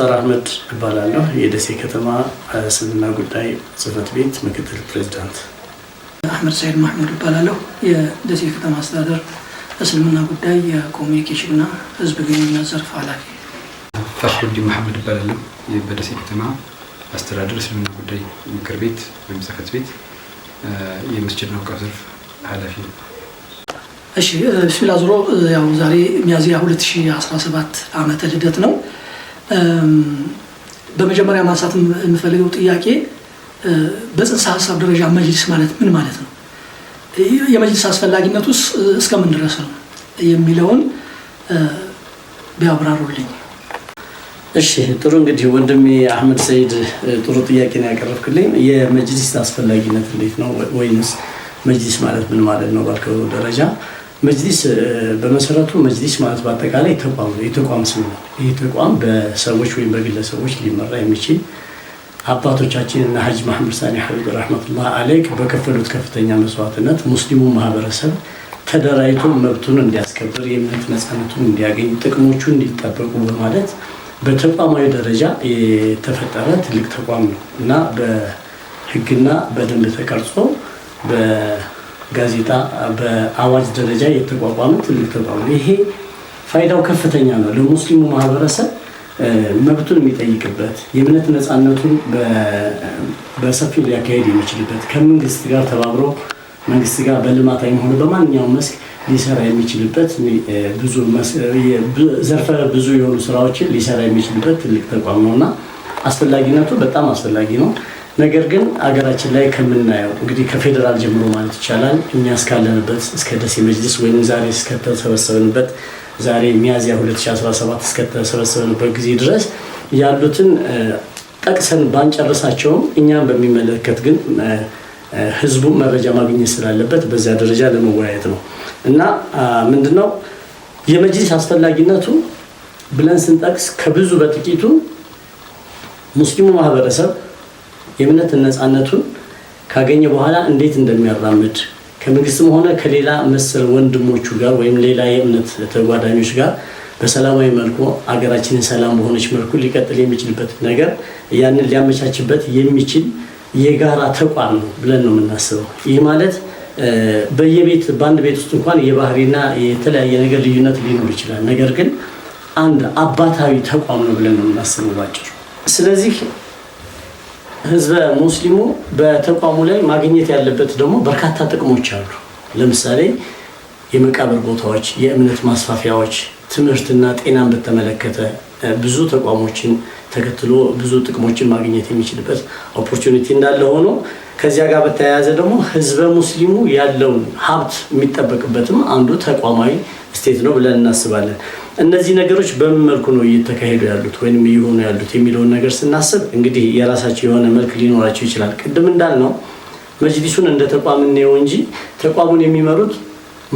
አንሷር አህመድ እባላለሁ። የደሴ ከተማ እስልምና ጉዳይ ጽህፈት ቤት ምክትል ፕሬዚዳንት። አህመድ ሰይድ ማህሙድ እባላለሁ። የደሴ ከተማ አስተዳደር እስልምና ጉዳይ የኮሚኒኬሽን ህዝብ ግንኙነት ዘርፍ ኃላፊ። ፈርሁዲ መሐመድ እባላለሁ። በደሴ ከተማ አስተዳደር እስልምና ጉዳይ ምክር ቤት ወይም ጽህፈት ቤት የመስጅድና አውቃፍ ዘርፍ ኃላፊ ነው። እሺ ፊላዙሮ ያው ዛሬ ሚያዝያ 2017 ዓመተ ልደት ነው። በመጀመሪያ ማንሳት የምፈልገው ጥያቄ በጽንሰ ሀሳብ ደረጃ መጅልስ ማለት ምን ማለት ነው፣ የመጅልስ አስፈላጊነት ውስጥ እስከምን ድረስ ነው የሚለውን ቢያብራሩልኝ። እሺ ጥሩ እንግዲህ ወንድሜ አህመድ ሰይድ ጥሩ ጥያቄ ነው ያቀረብክልኝ። የመጅሊስ አስፈላጊነት እንዴት ነው ወይንስ መጅሊስ ማለት ምን ማለት ነው ባልከው ደረጃ መጅሊስ በመሰረቱ መጅሊስ ማለት በአጠቃላይ ተቋም ነው። የተቋም ስም ነው። ይህ ተቋም በሰዎች ወይም በግለሰቦች ሊመራ የሚችል አባቶቻችን እና ሀጅ መሐመድ ሳኒ ሐቢብ ረሕመቱላህ አለይህ በከፈሉት ከፍተኛ መስዋዕትነት ሙስሊሙ ማህበረሰብ ተደራጅቶ መብቱን እንዲያስከብር የእምነት ነፃነቱን እንዲያገኝ ጥቅሞቹ እንዲጠበቁ በማለት በተቋማዊ ደረጃ የተፈጠረ ትልቅ ተቋም ነው እና በህግና በደንብ ተቀርጾ ጋዜጣ በአዋጅ ደረጃ የተቋቋመ ትልቅ ተቋም ነው። ይሄ ፋይዳው ከፍተኛ ነው። ለሙስሊሙ ማህበረሰብ መብቱን የሚጠይቅበት የእምነት ነፃነቱን በሰፊው ሊያካሄድ የሚችልበት ከመንግስት ጋር ተባብሮ መንግስት ጋር በልማት ሆነ በማንኛውም መስክ ሊሰራ የሚችልበት ዘርፈ ብዙ የሆኑ ስራዎችን ሊሰራ የሚችልበት ትልቅ ተቋም ነው እና አስፈላጊነቱ በጣም አስፈላጊ ነው። ነገር ግን አገራችን ላይ ከምናየው እንግዲህ ከፌዴራል ጀምሮ ማለት ይቻላል እኛ እስካለንበት እስከ ደሴ መጅልስ ወይም ዛሬ እስከተሰበሰብንበት ዛሬ ሚያዝያ 2017 እስከተሰበሰብንበት ጊዜ ድረስ ያሉትን ጠቅሰን ባንጨርሳቸውም እኛም በሚመለከት ግን ህዝቡ መረጃ ማግኘት ስላለበት በዚያ ደረጃ ለመወያየት ነው እና ምንድነው የመጅሊስ አስፈላጊነቱ ብለን ስንጠቅስ ከብዙ በጥቂቱ ሙስሊሙ ማህበረሰብ የእምነት ነፃነቱን ካገኘ በኋላ እንዴት እንደሚያራምድ ከመንግስትም ሆነ ከሌላ መሰል ወንድሞቹ ጋር ወይም ሌላ የእምነት ተጓዳኞች ጋር በሰላማዊ መልኩ አገራችንን ሰላም በሆነች መልኩ ሊቀጥል የሚችልበት ነገር ያንን ሊያመቻችበት የሚችል የጋራ ተቋም ነው ብለን ነው የምናስበው። ይህ ማለት በየቤት በአንድ ቤት ውስጥ እንኳን የባህሪና የተለያየ ነገር ልዩነት ሊኖር ይችላል። ነገር ግን አንድ አባታዊ ተቋም ነው ብለን ነው የምናስበው ባጭሩ። ስለዚህ ህዝበ ሙስሊሙ በተቋሙ ላይ ማግኘት ያለበት ደግሞ በርካታ ጥቅሞች አሉ። ለምሳሌ የመቃብር ቦታዎች፣ የእምነት ማስፋፊያዎች፣ ትምህርትና ጤናን በተመለከተ ብዙ ተቋሞችን ተከትሎ ብዙ ጥቅሞችን ማግኘት የሚችልበት ኦፖርቹኒቲ እንዳለ ሆኖ ከዚያ ጋር በተያያዘ ደግሞ ህዝበ ሙስሊሙ ያለውን ሀብት የሚጠበቅበትም አንዱ ተቋማዊ ስቴት ነው ብለን እናስባለን። እነዚህ ነገሮች በምን መልኩ ነው እየተካሄዱ ያሉት ወይም እየሆኑ ያሉት የሚለውን ነገር ስናስብ እንግዲህ የራሳቸው የሆነ መልክ ሊኖራቸው ይችላል። ቅድም እንዳልነው መጅሊሱን እንደ ተቋም እንየው እንጂ ተቋሙን የሚመሩት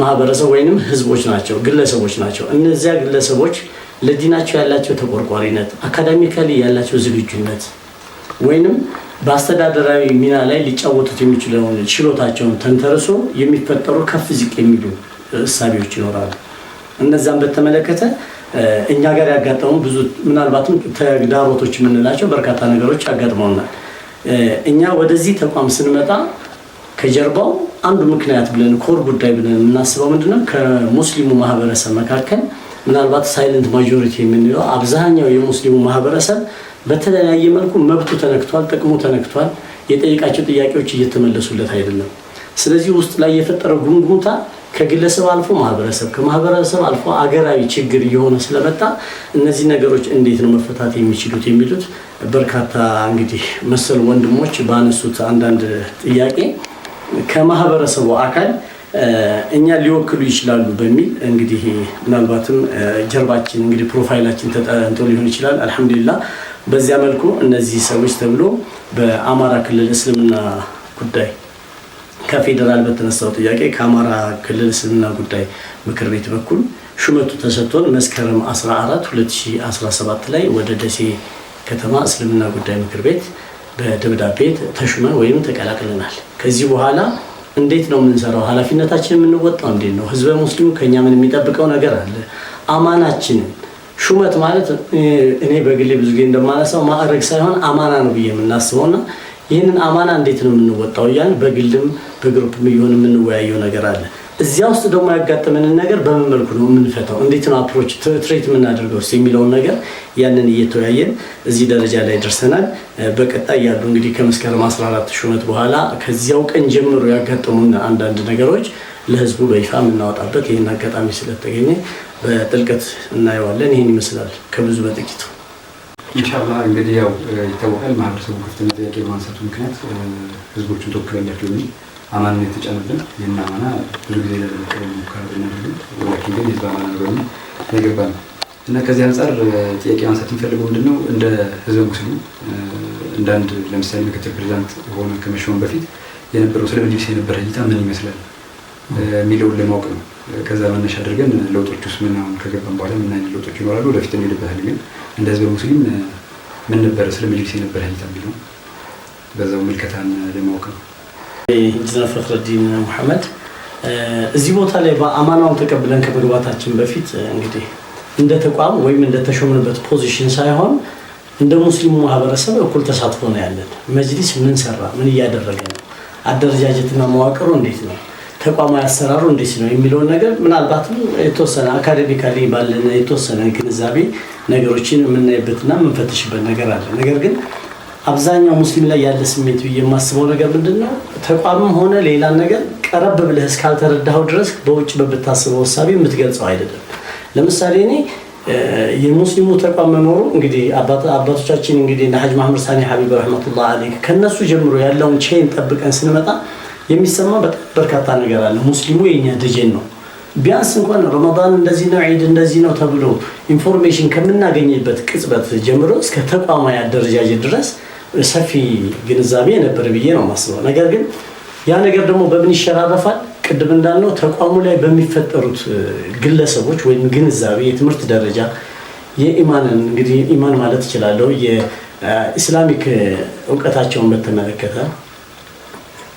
ማህበረሰብ ወይንም ህዝቦች ናቸው፣ ግለሰቦች ናቸው። እነዚያ ግለሰቦች ለዲናቸው ያላቸው ተቆርቋሪነት፣ አካዳሚካሊ ያላቸው ዝግጁነት ወይንም በአስተዳደራዊ ሚና ላይ ሊጫወቱት የሚችለውን ችሎታቸውን ተንተርሶ የሚፈጠሩ ከፍ ዝቅ የሚሉ እሳቤዎች ይኖራሉ። እነዛም በተመለከተ እኛ ጋር ያጋጠሙ ብዙ ምናልባትም ተግዳሮቶች የምንላቸው በርካታ ነገሮች ያጋጥመውናል። እኛ ወደዚህ ተቋም ስንመጣ ከጀርባው አንዱ ምክንያት ብለን ኮር ጉዳይ ብለን የምናስበው ምንድነው ከሙስሊሙ ማህበረሰብ መካከል ምናልባት ሳይለንት ማጆሪቲ የምንለው አብዛኛው የሙስሊሙ ማህበረሰብ በተለያየ መልኩ መብቱ ተነክቷል፣ ጥቅሙ ተነክቷል፣ የጠየቃቸው ጥያቄዎች እየተመለሱለት አይደለም። ስለዚህ ውስጥ ላይ የፈጠረው ጉምጉምታ ከግለሰብ አልፎ ማህበረሰብ ከማህበረሰብ አልፎ አገራዊ ችግር እየሆነ ስለመጣ እነዚህ ነገሮች እንዴት ነው መፈታት የሚችሉት የሚሉት በርካታ እንግዲህ መሰል ወንድሞች ባነሱት አንዳንድ ጥያቄ ከማህበረሰቡ አካል እኛ ሊወክሉ ይችላሉ በሚል እንግዲህ ምናልባትም ጀርባችን እንግዲህ ፕሮፋይላችን ተጠንቶ ሊሆን ይችላል። አልሐምዱሊላ በዚያ መልኩ እነዚህ ሰዎች ተብሎ በአማራ ክልል እስልምና ጉዳይ ከፌዴራል በተነሳው ጥያቄ ከአማራ ክልል እስልምና ጉዳይ ምክር ቤት በኩል ሹመቱ ተሰጥቶን መስከረም 14 2017 ላይ ወደ ደሴ ከተማ እስልምና ጉዳይ ምክር ቤት በደብዳቤ ተሹመን ወይም ተቀላቅለናል። ከዚህ በኋላ እንዴት ነው የምንሰራው? ኃላፊነታችን የምንወጣው እንዴት ነው? ህዝበ ሙስሊሙ ከኛ ምን የሚጠብቀው ነገር አለ? አማናችንን ሹመት ማለት እኔ በግሌ ብዙ ጊዜ እንደማነሳው ማዕረግ ሳይሆን አማና ነው ብዬ የምናስበው ና ይህንን አማና እንዴት ነው የምንወጣው እያልን በግልም በግሩፕም እየሆን የምንወያየው ነገር አለ። እዚያ ውስጥ ደግሞ ያጋጠመንን ነገር በምን መልኩ ነው የምንፈታው፣ እንዴት ነው አፕሮች ትሬት የምናደርገው የሚለውን ነገር ያንን እየተወያየን እዚህ ደረጃ ላይ ደርሰናል። በቀጣይ ያሉ እንግዲህ ከመስከረም 14 ሹመት በኋላ ከዚያው ቀን ጀምሮ ያጋጠሙን አንዳንድ ነገሮች ለህዝቡ በይፋ የምናወጣበት ይህን አጋጣሚ ስለተገኘ በጥልቀት እናየዋለን። ይህን ይመስላል ከብዙ በጥቂቱ ኢንሻላ እንግዲህ ያው ይታወቃል። ማህበረሰቡ ከፍተኛ ጥያቄ በማንሳቱ ምክንያት ህዝቦቹን ተወክለላቸው አማንን ነው የተጫኑልን። ይህን አማና ብዙ ጊዜ ለመቀበል ሙከራ ብናደርግም ወላኪን ግን ህዝብ አማና ነው የገባ ነው እና ከዚህ አንጻር ጥያቄ ማንሳት የሚፈልገው ምንድን ነው እንደ ህዝበ ሙስሊሙ እንዳንድ ለምሳሌ ምክትል ፕሬዚዳንት ሆነ ከመሾም በፊት የነበረው ስለ መጅሊስ የነበረ እይታ ምን ይመስላል የሚለውን ለማወቅ ነው። ከዛ መነሻ አድርገን ለውጦች ውስጥ ምን አሁን ከገባን በኋላ ምን አይነት ለውጦች ይኖራሉ ወደፊት የሚሄድበታል። ግን እንደ ህዝበ ሙስሊም ምን ነበረ ስለ መጅሊስ የነበረ እይታ የሚለው በዛው ምልከታን ለማወቅ ነው። ኢንጂነር ፍክርዲን ሙሐመድ እዚህ ቦታ ላይ በአማናውን ተቀብለን ከመግባታችን በፊት እንግዲህ እንደ ተቋም ወይም እንደ ተሾምንበት ፖዚሽን ሳይሆን እንደ ሙስሊሙ ማህበረሰብ እኩል ተሳትፎ ነው ያለን። መጅሊስ ምን ሰራ፣ ምን እያደረገ ነው፣ አደረጃጀትና መዋቅሩ እንዴት ነው፣ ተቋማዊ አሰራሩ እንዴት ነው የሚለውን ነገር ምናልባትም የተወሰነ አካዴሚካሊ ባለን የተወሰነ ግንዛቤ ነገሮችን የምናይበትና የምንፈትሽበት ነገር አለ። ነገር ግን አብዛኛው ሙስሊም ላይ ያለ ስሜት ብዬ የማስበው ነገር ምንድን ነው፣ ተቋምም ሆነ ሌላ ነገር ቀረብ ብለህ እስካልተረዳኸው ድረስ በውጭ በምታስበው እሳቤ የምትገልጸው አይደለም። ለምሳሌ እኔ የሙስሊሙ ተቋም መኖሩ እንግዲህ አባቶቻችን እንግዲህ እንደ ሀጅ ማህመድ ሳኒ ሀቢብ ረሕመቱላህ አለይህ ከእነሱ ጀምሮ ያለውን ቼን ጠብቀን ስንመጣ የሚሰማ በጣም በርካታ ነገር አለ። ሙስሊሙ የኛ ደጀን ነው። ቢያንስ እንኳን ረመዳን እንደዚህ ነው፣ ዒድ እንደዚህ ነው ተብሎ ኢንፎርሜሽን ከምናገኝበት ቅጽበት ጀምሮ እስከ ተቋማዊ አደረጃጀት ድረስ ሰፊ ግንዛቤ ነበር ብዬ ነው የማስበው። ነገር ግን ያ ነገር ደግሞ በምን ይሸራረፋል? ቅድም እንዳልነው ተቋሙ ላይ በሚፈጠሩት ግለሰቦች ወይም ግንዛቤ፣ የትምህርት ደረጃ፣ የኢማንን እንግዲህ ኢማን ማለት እችላለሁ የኢስላሚክ እውቀታቸውን በተመለከተ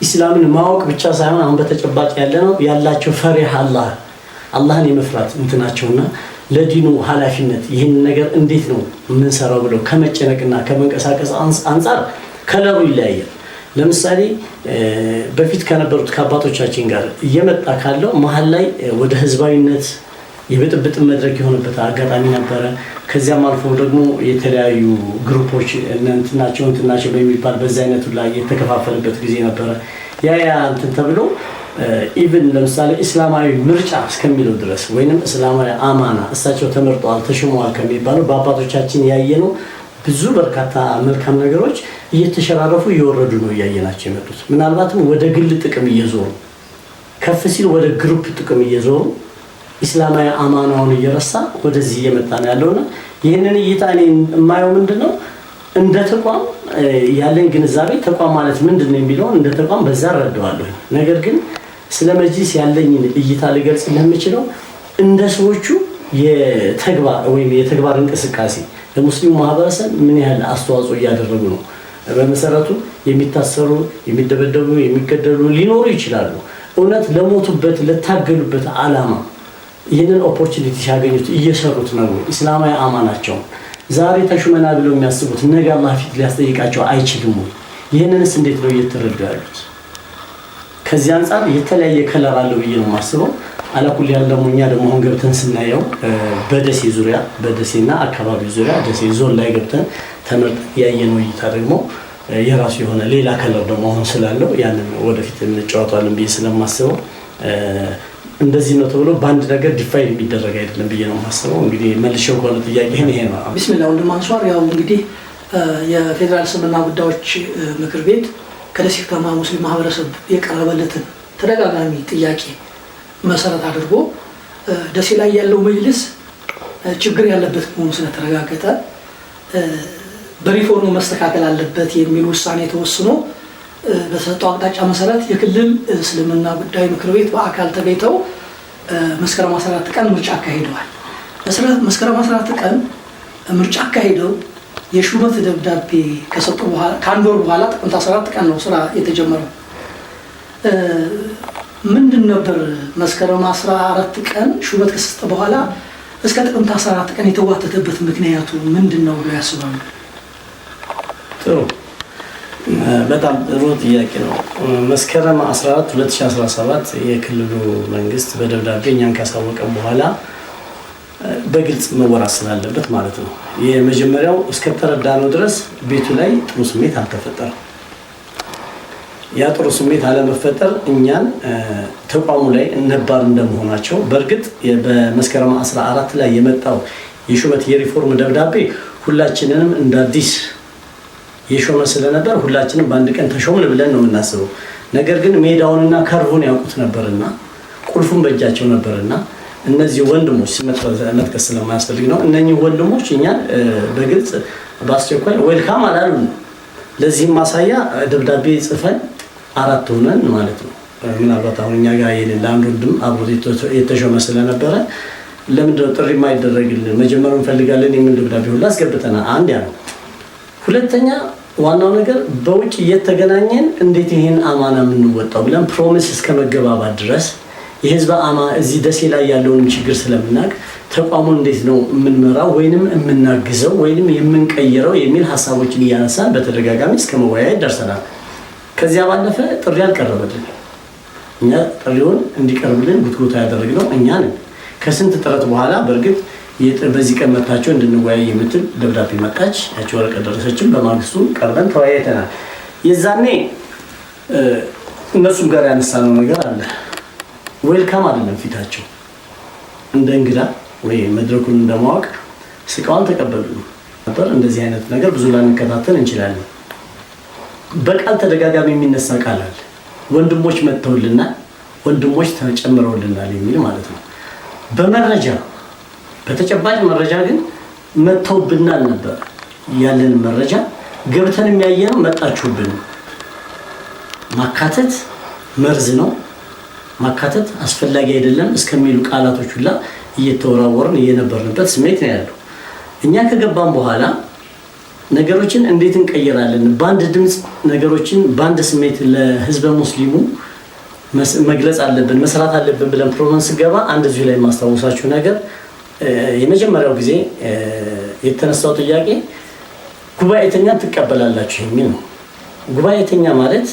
ኢስላምን ማወቅ ብቻ ሳይሆን አሁን በተጨባጭ ያለ ነው ያላቸው ፈሪሃ አላህ አላህን የመፍራት እንትናቸውና ለዲኑ ኃላፊነት ይህን ነገር እንዴት ነው የምንሰራው ብለው ከመጨነቅና ከመንቀሳቀስ አንጻር ከለሩ ይለያያል። ለምሳሌ በፊት ከነበሩት ከአባቶቻችን ጋር እየመጣ ካለው መሀል ላይ ወደ ህዝባዊነት የብጥብጥ መድረክ የሆነበት አጋጣሚ ነበረ። ከዚያም አልፎ ደግሞ የተለያዩ ግሩፖች እንትናቸው እንትናቸው በሚባል በዚ አይነቱ ላይ የተከፋፈልበት ጊዜ ነበረ። ያ ያ እንትን ተብሎ ኢቭን ለምሳሌ እስላማዊ ምርጫ እስከሚለው ድረስ ወይንም እስላማዊ አማና እሳቸው ተመርጠዋል ተሽመዋል ከሚባለው በአባቶቻችን ያየነው ብዙ በርካታ መልካም ነገሮች እየተሸራረፉ እየወረዱ ነው እያየናቸው የመጡት። ምናልባትም ወደ ግል ጥቅም እየዞሩ ከፍ ሲል ወደ ግሩፕ ጥቅም እየዞሩ ኢስላማዊ አማናውን እየረሳ ወደዚህ እየመጣ ነው ያለውና ይህንን እይታ እኔ የማየው ምንድን ነው እንደ ተቋም ያለኝ ግንዛቤ ተቋም ማለት ምንድን ነው የሚለውን እንደ ተቋም በዛ እረዳዋለሁ። ነገር ግን ስለ መጅሊስ ያለኝን እይታ ልገልጽ የምችለው እንደ ሰዎቹ የተግባር ወይም የተግባር እንቅስቃሴ ለሙስሊሙ ማህበረሰብ ምን ያህል አስተዋጽኦ እያደረጉ ነው። በመሰረቱ የሚታሰሩ፣ የሚደበደቡ፣ የሚገደሉ ሊኖሩ ይችላሉ። እውነት ለሞቱበት ለታገሉበት ዓላማ ይህንን ኦፖርቹኒቲ ሲያገኙት እየሰሩት ነው። እስላማዊ አማናቸው። ዛሬ ተሹመና ብለው የሚያስቡት ነገ አላህ ፊት ሊያስጠይቃቸው አይችልም። ይህንንስ እንዴት ነው እየተረዱ ያሉት? ከዚህ አንጻር የተለያየ ከለር አለው ብዬ ነው የማስበው። አላኩል ያለ ደግሞ እኛ ደግሞ አሁን ገብተን ስናየው በደሴ ዙሪያ በደሴና አካባቢው ዙሪያ ደሴ ዞን ላይ ገብተን ተመርጠን ያየነው እይታ ደግሞ የራሱ የሆነ ሌላ ከለር ደግሞ አሁን ስላለው ያንን ወደፊት እንጫወተዋለን ብዬ ስለማስበው እንደዚህ ነው ተብሎ በአንድ ነገር ዲፋይን የሚደረግ አይደለም ብዬ ነው የማስበው። እንግዲህ መልሼው ከሆነ ጥያቄ ይሄ ነው። ቢስሚላ ወንድም አንሷር፣ ያው እንግዲህ የፌዴራል እስልምና ጉዳዮች ምክር ቤት ከደሴ ከተማ ሙስሊም ማህበረሰብ የቀረበለትን ተደጋጋሚ ጥያቄ መሰረት አድርጎ ደሴ ላይ ያለው መጅልስ ችግር ያለበት መሆኑ ስለተረጋገጠ በሪፎርሙ መስተካከል አለበት የሚል ውሳኔ ተወስኖ በተሰጠው አቅጣጫ መሰረት የክልል እስልምና ጉዳይ ምክር ቤት በአካል ተገኝተው መስከረም 14 ቀን ምርጫ አካሂደዋል። መስከረም 14 ቀን ምርጫ አካሂደው የሹመት ደብዳቤ ከሰጡ በኋላ ከአንድ ወር በኋላ ጥቅምት 14 ቀን ነው ስራ የተጀመረው። ምንድን ነበር መስከረም 14 ቀን ሹመት ከሰጠ በኋላ እስከ ጥቅምት 14 ቀን የተዋተተበት ምክንያቱ ምንድን ነው ያስባሉ? ጥሩ በጣም ጥሩ ጥያቄ ነው። መስከረም 14 2017 የክልሉ መንግስት በደብዳቤ እኛን ካሳወቀ በኋላ በግልጽ መወራት ስላለበት ማለት ነው። የመጀመሪያው እስከተረዳነው ድረስ ቤቱ ላይ ጥሩ ስሜት አልተፈጠረም። ያ ጥሩ ስሜት አለመፈጠር እኛን ተቋሙ ላይ ነባር እንደመሆናቸው በእርግጥ በመስከረም 14 ላይ የመጣው የሹመት የሪፎርም ደብዳቤ ሁላችንንም እንደ አዲስ የሾመ ስለነበር ሁላችንም በአንድ ቀን ተሾምን ብለን ነው የምናስበው። ነገር ግን ሜዳውንና ከርቡን ያውቁት ነበርና ቁልፉን በእጃቸው ነበርና እነዚህ ወንድሞች መጥቀስ ስለማያስፈልግ ነው። እነኚህ ወንድሞች እኛን በግልጽ በአስቸኳይ ዌልካም አላሉ። ለዚህም ማሳያ ደብዳቤ ጽፈን አራት ሆነን ማለት ነው። ምናልባት አሁን እኛ ጋር የሌለ አንድ ወንድም አብሮ የተሾመ ስለነበረ ለምንድነው ጥሪ የማይደረግልን መጀመሪያ እንፈልጋለን የሚል ደብዳቤ ሁላ አስገብተናል። አንድ ያ ነው። ሁለተኛ ዋናው ነገር በውጭ እየተገናኘን እንዴት ይህን አማና የምንወጣው ብለን ፕሮሚስ እስከ መገባባት ድረስ የህዝብ አማ እዚህ ደሴ ላይ ያለውን ችግር ስለምናውቅ ተቋሙን እንዴት ነው የምንመራው ወይንም የምናግዘው ወይንም የምንቀይረው የሚል ሀሳቦችን እያነሳን በተደጋጋሚ እስከ መወያየት ደርሰናል። ከዚያ ባለፈ ጥሪ አልቀረበልን። እኛ ጥሪውን እንዲቀርብልን ጉትጉታ ያደረግነው እኛ ነን። ከስንት ጥረት በኋላ በእርግጥ በዚህ ቀን መታቸው እንድንወያይ የምትል ደብዳቤ መጣች። ያቸው ወረቀት ደረሰችን። በማግስቱ ቀርበን ተወያይተናል። የዛኔ እነሱም ጋር ያነሳነው ነገር አለ ዌልካም አይደለም ፊታቸው። እንደ እንግዳ ወይ መድረኩን እንደማወቅ ስቃዋን ተቀበሉ ነበር። እንደዚህ አይነት ነገር ብዙ ላንከታተል እንችላለን። በቃል ተደጋጋሚ የሚነሳ ቃል አለ። ወንድሞች መጥተውልናል፣ ወንድሞች ተጨምረውልናል የሚል ማለት ነው። በመረጃ በተጨባጭ መረጃ ግን መጥተውብናል ነበር። ያለን መረጃ ገብተን የሚያየነው መጣችሁብን ማካተት መርዝ ነው። ማካተት አስፈላጊ አይደለም እስከሚሉ ቃላቶች ሁላ እየተወራወርን እየነበርንበት ስሜት ነው ያለው። እኛ ከገባም በኋላ ነገሮችን እንዴት እንቀይራለን፣ በአንድ ድምፅ ነገሮችን በአንድ ስሜት ለህዝበ ሙስሊሙ መግለጽ አለብን፣ መስራት አለብን ብለን ፕሮግራም ስገባ አንድ እዚሁ ላይ የማስታወሳችሁ ነገር የመጀመሪያው ጊዜ የተነሳው ጥያቄ ጉባኤተኛ ትቀበላላችሁ የሚል ነው። ጉባኤተኛ ማለት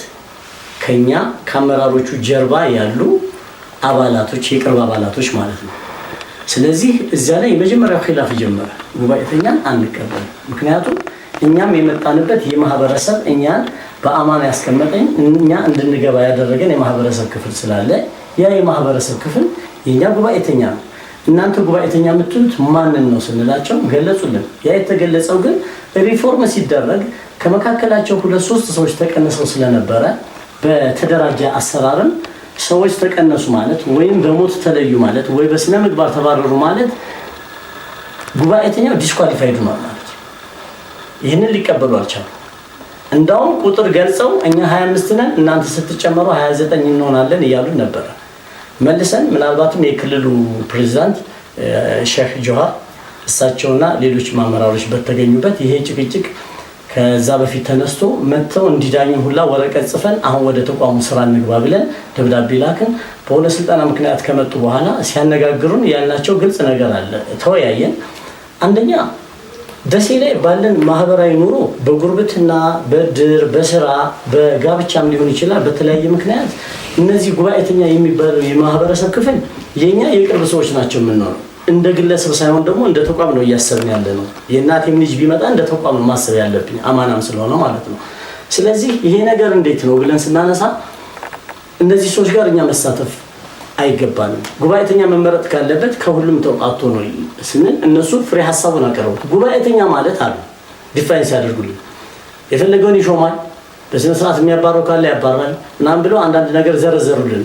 ከኛ ከአመራሮቹ ጀርባ ያሉ አባላቶች የቅርብ አባላቶች ማለት ነው። ስለዚህ እዚያ ላይ የመጀመሪያው ኪላፍ ጀመረ። ጉባኤተኛን አንቀበል። ምክንያቱም እኛም የመጣንበት የማህበረሰብ እኛን በአማን ያስቀመጠኝ እኛ እንድንገባ ያደረገን የማህበረሰብ ክፍል ስላለ ያ የማህበረሰብ ክፍል የእኛ ጉባኤተኛ ነው። እናንተ ጉባኤተኛ የምትሉት ማንን ነው ስንላቸው ገለጹልን። ያ የተገለጸው ግን ሪፎርም ሲደረግ ከመካከላቸው ሁለት ሶስት ሰዎች ተቀንሰው ስለነበረ በተደራጀ አሰራርም ሰዎች ተቀነሱ ማለት ወይም በሞት ተለዩ ማለት ወይ በስነ ምግባር ተባረሩ ማለት ጉባኤተኛው ዲስኳሊፋይድ ሆኗል ማለት ይህንን ሊቀበሉ አልቻሉ። እንዳውም ቁጥር ገልጸው እኛ 25 ነን እናንተ ስትጨመሩ 29 እንሆናለን እያሉ ነበረ። መልሰን ምናልባትም የክልሉ ፕሬዚዳንት ሼህ ጆሃር እሳቸውና ሌሎች አመራሮች በተገኙበት ይሄ ጭቅጭቅ ከዛ በፊት ተነስቶ መጥተው እንዲዳኙ ሁላ ወረቀት ጽፈን አሁን ወደ ተቋሙ ስራ እንግባ ብለን ደብዳቤ ላክን። በሆነ ስልጠና ምክንያት ከመጡ በኋላ ሲያነጋግሩን ያልናቸው ግልጽ ነገር አለ። ተወያየን። አንደኛ ደሴ ላይ ባለን ማህበራዊ ኑሮ በጉርብትና፣ በድር፣ በስራ፣ በጋብቻም ሊሆን ይችላል። በተለያየ ምክንያት እነዚህ ጉባኤተኛ የሚባለው የማህበረሰብ ክፍል የኛ የቅርብ ሰዎች ናቸው የምንኖረው እንደ ግለሰብ ሳይሆን ደግሞ እንደ ተቋም ነው እያሰብን ያለ ነው። የእናቴም ልጅ ቢመጣ እንደ ተቋም ነው ማሰብ ያለብኝ አማናም ስለሆነ ማለት ነው። ስለዚህ ይሄ ነገር እንዴት ነው ብለን ስናነሳ እነዚህ ሰዎች ጋር እኛ መሳተፍ አይገባንም። ጉባኤተኛ መመረጥ ካለበት ከሁሉም ተውጣቶ ነው ስንል እነሱ ፍሬ ሀሳቡን አቀረቡ። ጉባኤተኛ ማለት አሉ ዲፋይንስ ያደርጉልን የፈለገውን ይሾማል፣ በስነስርዓት የሚያባረው ካለ ያባራል ምናምን ብለው አንዳንድ ነገር ዘረዘሩልን።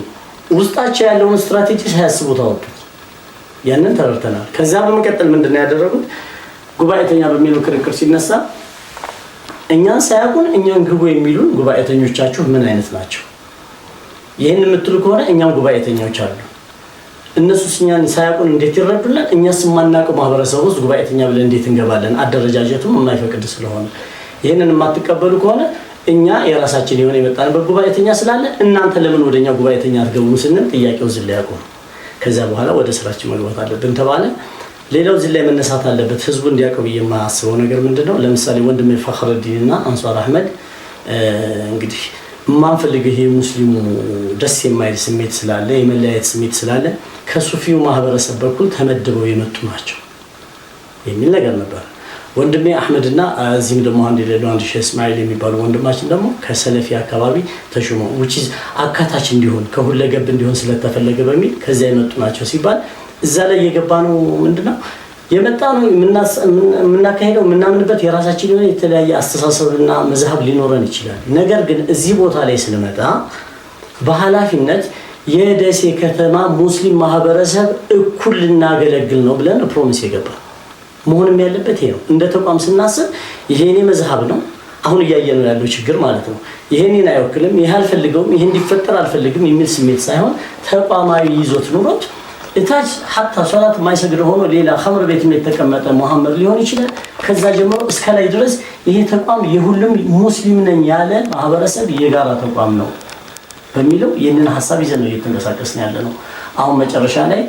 ውስጣቸው ያለውን ስትራቴጂ ሳያስቡ አወጡት። ያንን ተረድተናል። ከዛ በመቀጠል ምንድን ነው ያደረጉት? ጉባኤተኛ በሚለው ክርክር ሲነሳ እኛን ሳያውቁን እኛን ግቡ የሚሉን ጉባኤተኞቻችሁ ምን አይነት ናቸው? ይህን የምትሉ ከሆነ እኛም ጉባኤተኞች አሉ። እነሱ እኛን ሳያውቁን እንዴት ይረዱልን? እኛስ የማናውቀው ማህበረሰብ ውስጥ ጉባኤተኛ ብለን እንዴት እንገባለን? አደረጃጀቱም የማይፈቅድ ስለሆነ ይህንን የማትቀበሉ ከሆነ እኛ የራሳችን የሆነ የመጣንበት ጉባኤተኛ ስላለ እናንተ ለምን ወደኛ ጉባኤተኛ አትገቡም ስንል ጥያቄው ዝለያቁ ነው። ከዚያ በኋላ ወደ ስራችን መግባት አለብን ተባለ። ሌላው እዚህ ላይ መነሳት አለበት ህዝቡ እንዲያውቀው የማያስበው ነገር ምንድነው ለምሳሌ ወንድም ፈክረዲን እና አንሷር አህመድ እንግዲህ የማንፈልግ ይሄ ሙስሊሙ ደስ የማይል ስሜት ስላለ የመለያየት ስሜት ስላለ ከሱፊው ማህበረሰብ በኩል ተመድበው የመጡ ናቸው የሚል ነገር ነበር። ወንድሜ አህመድ እና እዚህም ደግሞ አንድ ሌሎ አንድ ሼህ እስማኤል የሚባሉ ወንድማችን ደግሞ ከሰለፊ አካባቢ ተሹሞ ውጪ አካታች እንዲሆን ከሁለገብ እንዲሆን ስለተፈለገ በሚል ከዚያ የመጡ ናቸው ሲባል እዛ ላይ የገባ ነው ነው የመጣ ነው የምናካሄደው የምናምንበት የራሳችን የሆነ የተለያየ አስተሳሰብና መዝሀብ ሊኖረን ይችላል። ነገር ግን እዚህ ቦታ ላይ ስንመጣ በኃላፊነት የደሴ ከተማ ሙስሊም ማህበረሰብ እኩል ልናገለግል ነው ብለን ፕሮሚስ የገባ መሆንም ያለበት ይሄ ነው። እንደ ተቋም ስናስብ ይሄ እኔ መዝሀብ ነው። አሁን እያየነው ያለው ችግር ማለት ነው። ይሄንን አይወክልም፣ ይሄ አልፈልገውም፣ ይሄ እንዲፈጠር አልፈልግም የሚል ስሜት ሳይሆን ተቋማዊ ይዞት ኑሮት እታች ሀታ ሶላት የማይሰግድ ሆኖ ሌላ ከምር ቤት የተቀመጠ መሐመድ ሊሆን ይችላል። ከዛ ጀምሮ እስከ ላይ ድረስ ይሄ ተቋም የሁሉም ሙስሊም ነኝ ያለ ማህበረሰብ የጋራ ተቋም ነው በሚለው ይህንን ሀሳብ ይዘን ነው እየተንቀሳቀስን ያለ ነው። አሁን መጨረሻ ላይ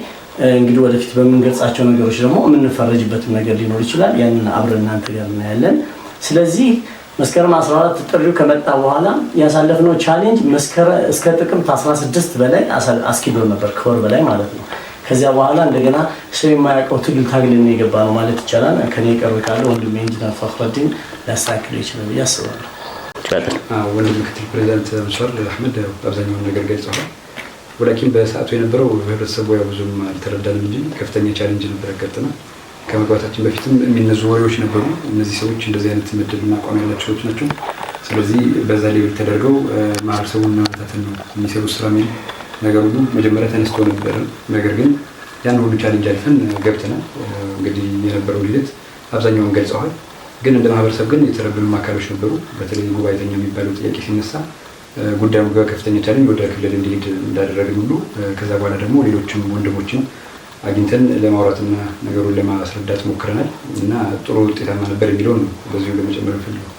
እንግዲህ ወደፊት በምንገልጻቸው ነገሮች ደግሞ የምንፈረጅበትም ነገር ሊኖር ይችላል። ያንን አብረን እናንተ ጋር እናያለን። ስለዚህ መስከረም 14 ጥሪው ከመጣ በኋላ ያሳለፍነው ቻሌንጅ እስከ ጥቅምት 16 በላይ አስኪዶ ነበር፣ ከወር በላይ ማለት ነው። ከዚያ በኋላ እንደገና ሰው የማያውቀው ትግል ታግልን የገባ ነው ማለት ይቻላል። ከኔ ቀር ካለ ወንድሜ ኢንጂነር ፋክረዲን ሊያስተካክለው ይችላል ብዬ አስባለሁ። ወንድም ምክትል ፕሬዚዳንት ምስር አህመድ አብዛኛውን ነገር ገልጸዋል። ወላኪን በሰዓቱ የነበረው ህብረተሰቡ ያው ብዙም አልተረዳንም እንጂ ከፍተኛ ቻሌንጅ ነበር ያጋጥመ ከመግባታችን በፊትም የሚነዙ ወሬዎች ነበሩ። እነዚህ ሰዎች እንደዚህ አይነት ምድብና አቋም ያላቸው ሰዎች ናቸው። ስለዚህ በዛ ሌቤል ተደርገው ማህበረሰቡን መመታትን ነው የሚሰሩ ስራ ሚል ነገር ሁሉ መጀመሪያ ተነስቶ ነበር። ነገር ግን ያን ሁሉ ቻሌንጅ አልፈን ገብተናል። እንግዲህ የነበረው ሂደት አብዛኛውን ገልጸዋል። ግን እንደ ማህበረሰብ ግን የተረብንም አካሎች ነበሩ። በተለይ ጉባኤተኛ የሚባለው ጥያቄ ሲነሳ ጉዳዩ ጋር ከፍተኛ ቻለኝ ወደ ክልል እንዲሄድ እንዳደረግን ሁሉ ከዛ በኋላ ደግሞ ሌሎችም ወንድሞችን አግኝተን ለማውራትና ነገሩን ለማስረዳት ሞክረናል እና ጥሩ ውጤታማ ነበር የሚለውን ነው በዚሁ ለመጨመር ፈልገው